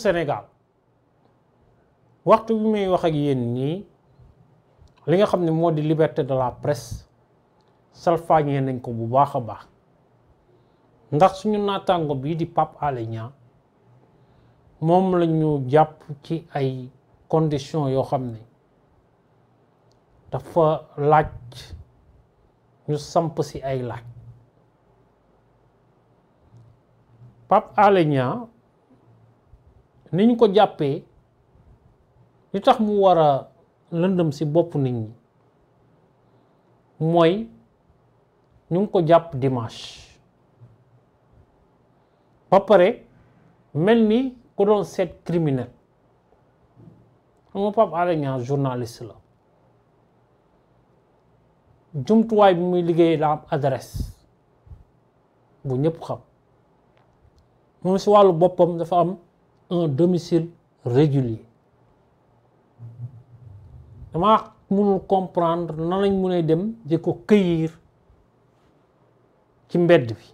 Sénégal waxtu bi may wax ak yéen nii li nga xam ne moo di liberté de la presse salfaañee nañ ko bu baax a baax ndax suñu naataango bii di Pape Alé moom la ñu jàpp ci ay condition yoo xam ne dafa laaj ñu samp si ay laaj Pape Alé ni ñu ko jàppee lu tax mu war a lëndëm si bopp nit ñi mooy ñu ngi ko jàpp dimanche ba pare mel ni ku doon seet criminel xam nga Pape Alé la jumtuwaay bi muy liggéey la am adresse bu ñëpp xam moom si wàllu boppam dafa am un domicile régulier dama mënul comprendre nan lañ mun a dem di ko cueillir ci mbedd bi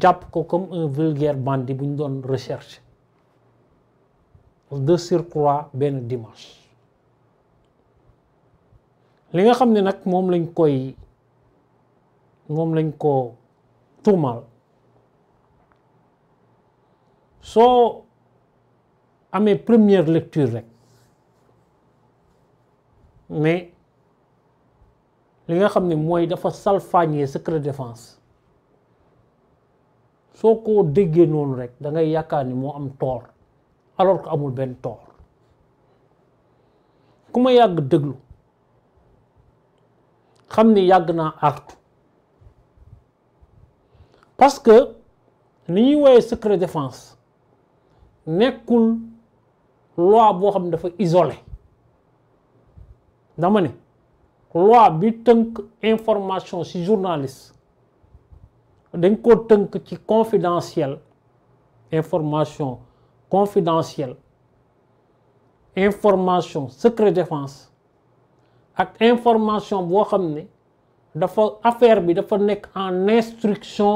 jàpp ko comme un vulgaire bandit bu doon recherche de benn dimanche li nga xam ne nag moom lañ koy moom lañ ko tuumaal soo amee première lecture rek mais li nga xam ne mooy dafa sal salfaañee secret defence soo ko déggee noonu rek da ngay yaakaar ni moo am tort alors que amul benn tort ku ma yàgg déglu xam ni yàgg naa artu parce que ni ñuy woowee secret défense nekkul loi boo xam ne dafa isole dama ne loi bi tënk information ci journaliste dañ ko tënk ci confidentiel information confidentielle information secret défense ak information boo xam ne dafa affaire bi dafa nekk en instruction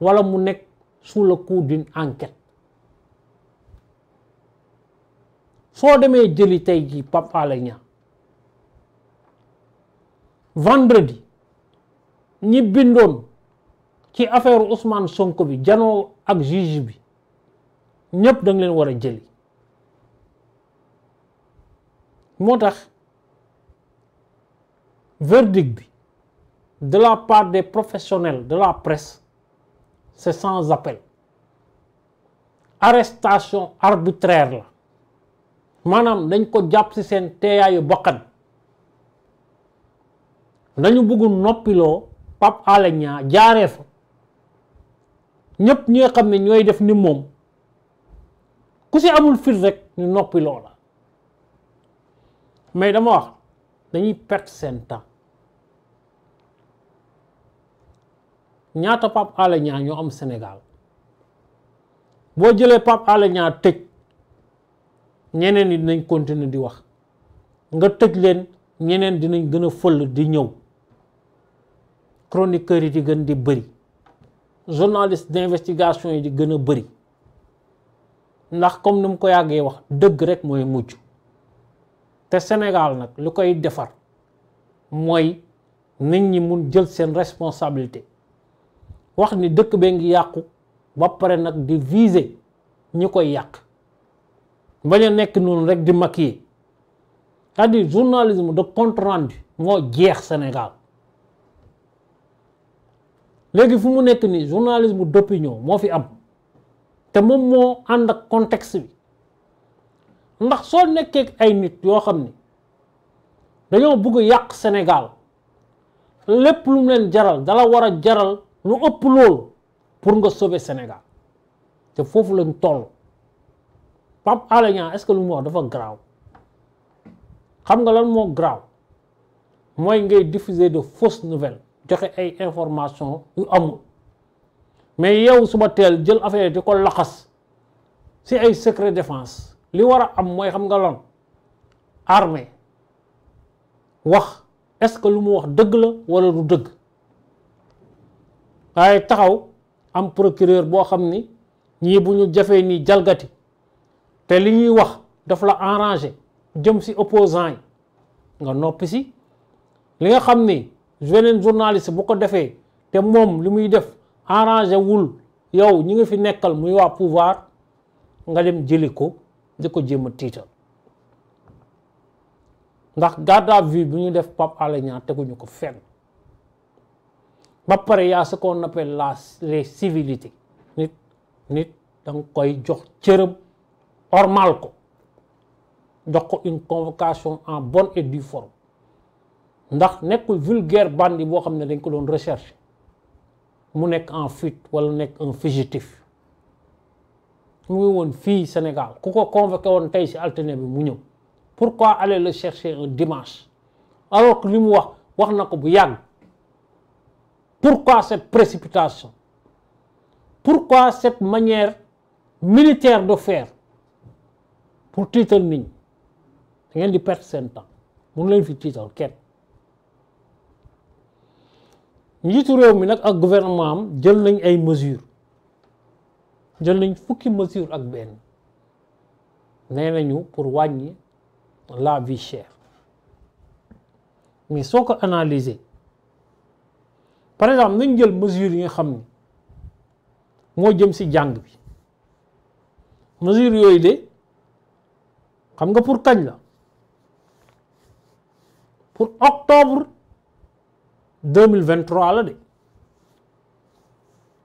walla mu nekk sous le coup d'une enquête soo demee jëli tey ji Pape Alé Niang vendredi ñi bindoon ci affaire Ousmane Sonko bi janoo ak juge bi ñépp da nga leen war a jëli moo tax verdict bi de la part de professionnels de la presse c'est sans appel arestation arbitraire la maanaam dañ ko jàpp ci seen teeyaayu bokkan dañu bëgg noppiloo Pape Alé Niang jaaree fa ñëpp ñi nga xam ne ñooy def ni moom ku si amul fit rek ñu noppiloo la mais dama wax dañuy perte seen temps ñaata Pape Alé Niang ñoo am Sénégal boo jëlee Pape Alé tëj ñeneen yi dinañ continuer di wax nga tëj leen ñeneen dinañ gën a fël di ñëw chroniqueurs yi di gën di bëri journaliste d'investigation yi di gën a bëri ndax comme ni mu ko yàggee wax dëgg rek mooy mujj te Sénégal nag lu koy defar mooy nit ñi mun jël seen responsabilité wax ni dëkk bee ngi yàqu ba pare nag di viser ñi koy yàq bañ a nekk noonu rek di maquiller c'est-à-dire de compte rendu moo jeex Sénégal léegi fu mu nekk nii journalisme d'opinion moo fi am te moom moo ànd ak contexte bi ndax soo nekkee ay nit yoo xam ne dañoo bëgg yàq Sénégal lépp lu mu leen jaral dala war a jaral lu ëpp loolu pour nga sauver Sénégal te foofu lañ toll Pape Alé Niang est lu mu wax dafa graaw xam nga lan moo graw mooy ngay diffuser de fausses nouvelle joxe ay information yu amul mais yow suba teel jël affaire di ko laxas si ay secret défense li war a am mooy xam nga lan armée wax est-ce que lu mu wax dëgg la walla du dëgg waaye taxaw am procureur boo xam ni ñii bu ñu jafee nii jalgati te li ñuy wax daf la arrangé jëm si opposant yi nga noppi si li nga xam ni beneen journaliste bu ko defee te moom li muy def arrangé wul yow ñu nga fi nekkal muy waa pouvoir nga dem jëli ko di ko jëmma a tiital ndax garde à vue bi ñu def Pape Alé Niang teguñu ko fen ba pare yaa ce qu'on appelle la les civilités nit nit danga koy jox cërëm ormal ko jox ko une convocation en bonne et due forme ndax nekkul vulgaire bandi boo xam ne dañ ko doon recherche mu nekk en fuite wala nekk un fugitif mu ngi woon fii Sénégal ku ko convoqué woon tey si altine bi mu ñëw pourquoi aller le chercher un dimanche alors que li mu wax wax na ko bu yàgg pourquoi cette précipitation pourquoi cette manière militaire de faire pour tiital niñ ñi da ngeen di perte seen temps mënu leen fi tiital kenn njiitu réew mi nag ak gouvernement am jël nañ ay mesures jël nañ fukki mesures ak benn nee nañu pour wàññi la vie chère mais soo ko analyser par exemple nañ jël mesures yi nga xam ni moo jëm si jàng bi mesures yooyu de xam nga pour kañ la pour octobre deux mille vingt trois la de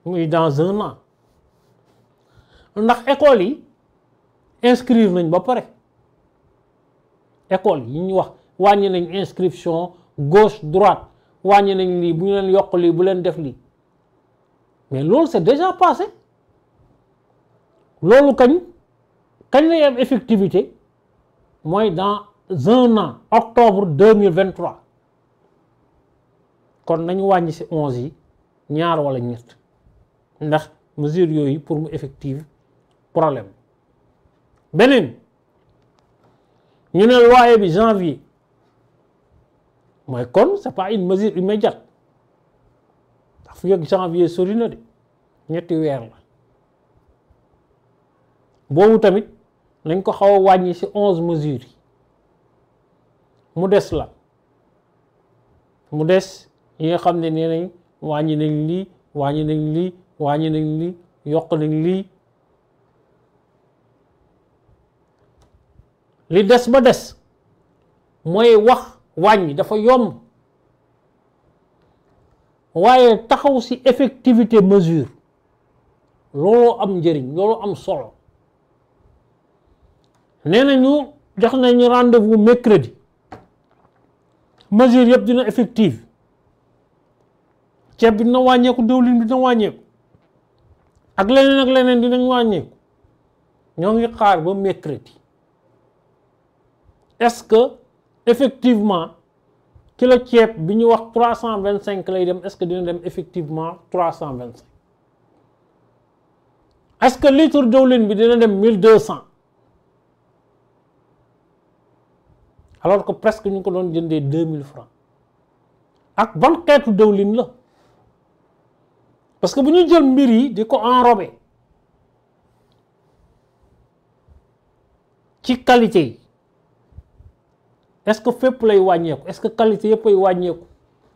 muy dans un an ndax école yi inscrire nañ ba pare école yi ñu wax wàññi nañ inscription gauche droite wàññi nañ lii bu ñu leen yokk lii bu leen def lii mais loolu c'est déjà passé loolu kañ kañ lay am effectivité mooy dans un an octobre deux mille vingt kon nañu wàññi si onze yi ñaar wala ñett ndax mesure yooyu pour mu effective problème beneen ñu ne loyer bi janvier mooy kon c'est pas une mesure immédiate ndax fi yëg janvier sori na de ñetti weer la boobu tamit nañ ko xaw a wàññi si onze mesures yi mu des la mu des yi nga xam ne nee nañ wàññi nañ lii wàññi nañ lii wàññi nañ lii yokk nañ lii li des ba des mooy wax wàññi dafa yomb waaye taxaw si effectivité mesure looloo am njëriñ looloo am solo nee nañu jox nañu rendez-vous mercredi mesure yëpp dina effective ceeb bi dina wàññeeku diwlin bi dina wàññeeku ak leneen ak leneen dinañ wàññeeku ñoo ngi xaar ba mercredi est-ce que effectivement kilo ceeb bi ñu wax trois cent vingt cinq lay dem est-ce que dina dem effectivement trois cent vingt est-ce que litre diwlin bi dina dem mille deux cent alors ko presque ñu ngi ko doon jëndee deux mille francs ak ban xeetu dëwlin la parce que bu ñu jël mbir yi di ko enrobé ci qualité yi est-ce que fépp lay wàññeeku est-ce que qualité yëpp ay wàññeeku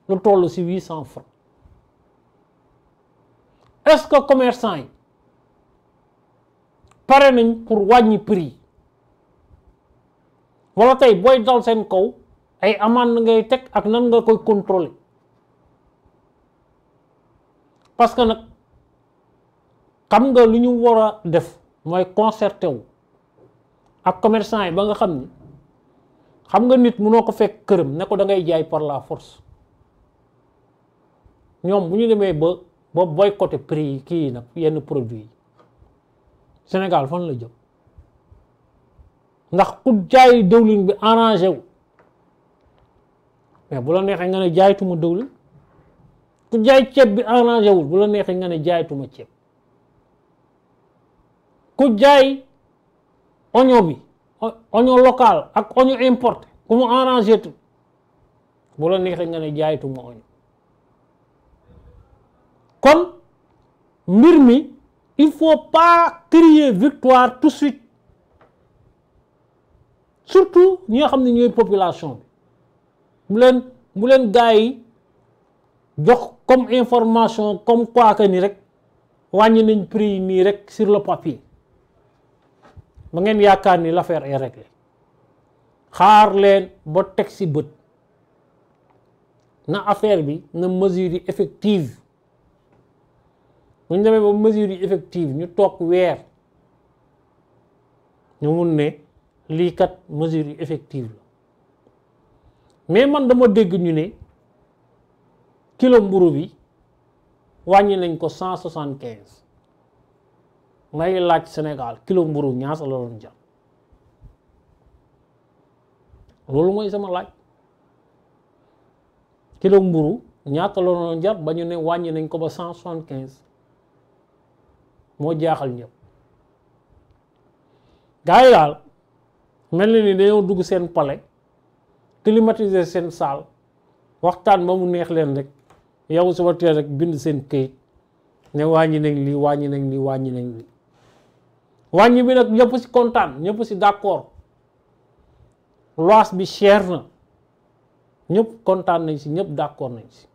lu toll ci huit cent francs est-ce que commerçant yi pare nañ pour wàññi prix wala tey booy dal seen kaw ay amende ngay teg ak nan nga koy contrôler parce que nag xam nga lu ñu war a def mooy concerté wu ak commerçant yi ba nga xam ni xam nga nit mu mënoo ko fekk këram ne ko da ngay jaay par la force ñoom bu ñu demee ba ba boycotté prix yi kii yi nag yenn produits yi Sénégal fan la jëm ndax ku jaay dëwlin bi arrangé wu mais bu la neexee nga ne jaaytuma dëwlin ku jaay ceeb bi arrangé wul bu la neexee nga ne jaaytuma ceeb ku jaay oño bi oignon local ak oignon importé ku mu arrangé tu bu la neexee nga ne jaaytuma oignon kon mbir mi il faut pas crier victoire tout suite surtout ñi xam ne ñooy population bi mu leen mu leen gars yi jox comme information comme quoi ni rek wàññi nañ prix yi nii rek sur le papier ba ngeen yaakaar ni l'affaire est réglée xaar leen ba teg si bët na affaire bi na mesure yi effective bu effective ñu toog weer ñu mun ne lii kat mesure effective la mais man dama dégg ñu ne kilo mburu bi wàññi nañ ko cent soixante quinze may laaj Sénégal kilo mburu ñaata la loolu mooy sama laaj kilo mburu ñaata la doon ba ñu ne wàññi nañ ko ba cent quinze moo jaaxal ñëpp gars yi daal mel na ni dañoo dugg seen palais climatiser seen salle waxtaan ba mu neex leen rek yow suba teel rek bind seen këyit ne wàññi nañ lii wàññi nañ lii wàññi nañ lii bi nag ñëpp si kontaan ñëpp si d'accord lois bi cher na ñëpp kontaan nañ si ñëpp d'accord nañ si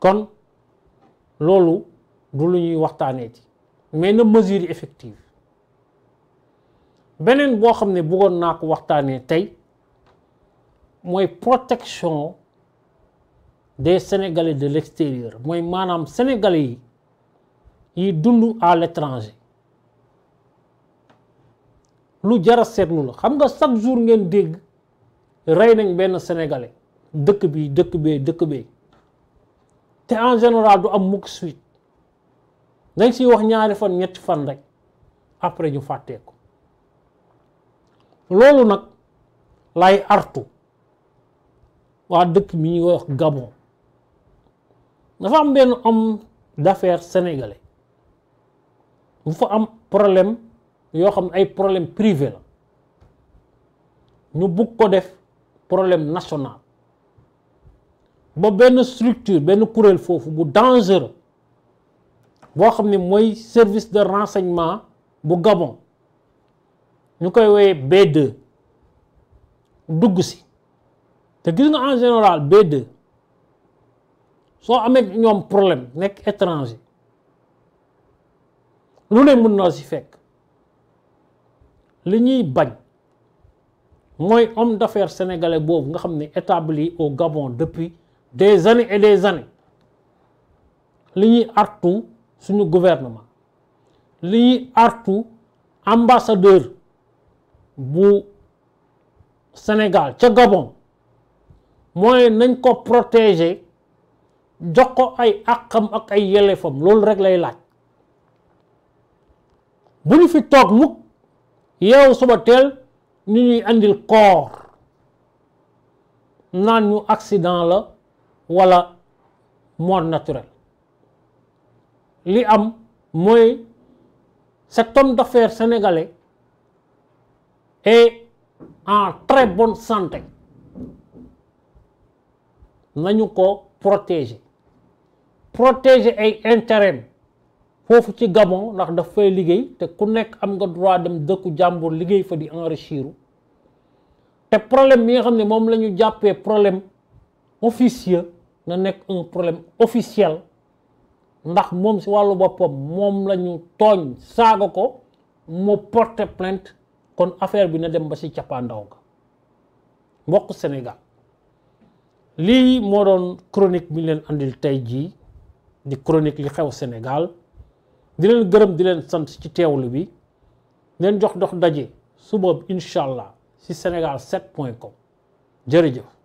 kon loolu du lu ñuy waxtaanee ci mais na mesure effective beneen boo xam ne bëggoon naa ko waxtaanee tey mooy protection de sénégalais de l'extérieur mooy maanaam sénégalais yi yi dund à l'étranger lu jara seetlu la xam nga chaque jour ngeen dégg rey nañ benn sénégalais dëkk bi dëkk bee dëkk bee te en général du am mukk suite dañ siy wax ñaari fan ñetti fan rek après ñu fàttee ko loolu nag lay artu waa dëkk mi ñuy wax Gabon dafa am benn homme d'affaires sénégalais bu fa am problème yoo xam ne ay problème privé la ñu bugg ko def problème national ba benn structure benn kuréel foofu bu dangereux boo xam ne mooy service de renseignement bu Gabon ñu koy woyee B2 dugg si te gis nga en général B2 soo amee ñoom problème nekk étranger lu ne mën na si fekk li ñuy bañ mooy homme d'affaires sénégalais boobu nga xam ne établi au Gabon depuis des années et des années li ñuy artu suñu gouvernement li ñuy artu ambassadeur bu Sénégal ca Gabon mooy nañ ko protéger jox ko ay àqam ak ay yelleefam loolu rekk lay laaj bu ñu fi toog mukk yow suba teel ñu ñuy andil koor naan ñu accident la wala mort naturelle li am mooy cet homme d'affaires et en très bon santé nañu ko protéger protéger ay intérêt foofu ci Gabon ndax daf fay liggéey te ku nekk am nga droit dem dëkku jàmbur liggéey fa di enrichir te problème bi nga xam ne moom la jàppee problème officieux nga nekk un problème officiel ndax moom si wàllu boppam moom lañu tooñ saaga ko mu porter plainte kon affaire bi na dem ba si cappaandaw ga mbokk Sénégal lii moo doon chronique bi leen andil tey jii di chronique li xew Sénégal di leen gërëm di leen sant ci teewlu bi leen jox dox daje suba incha allah si Sénégal 7 point com jërëjëf.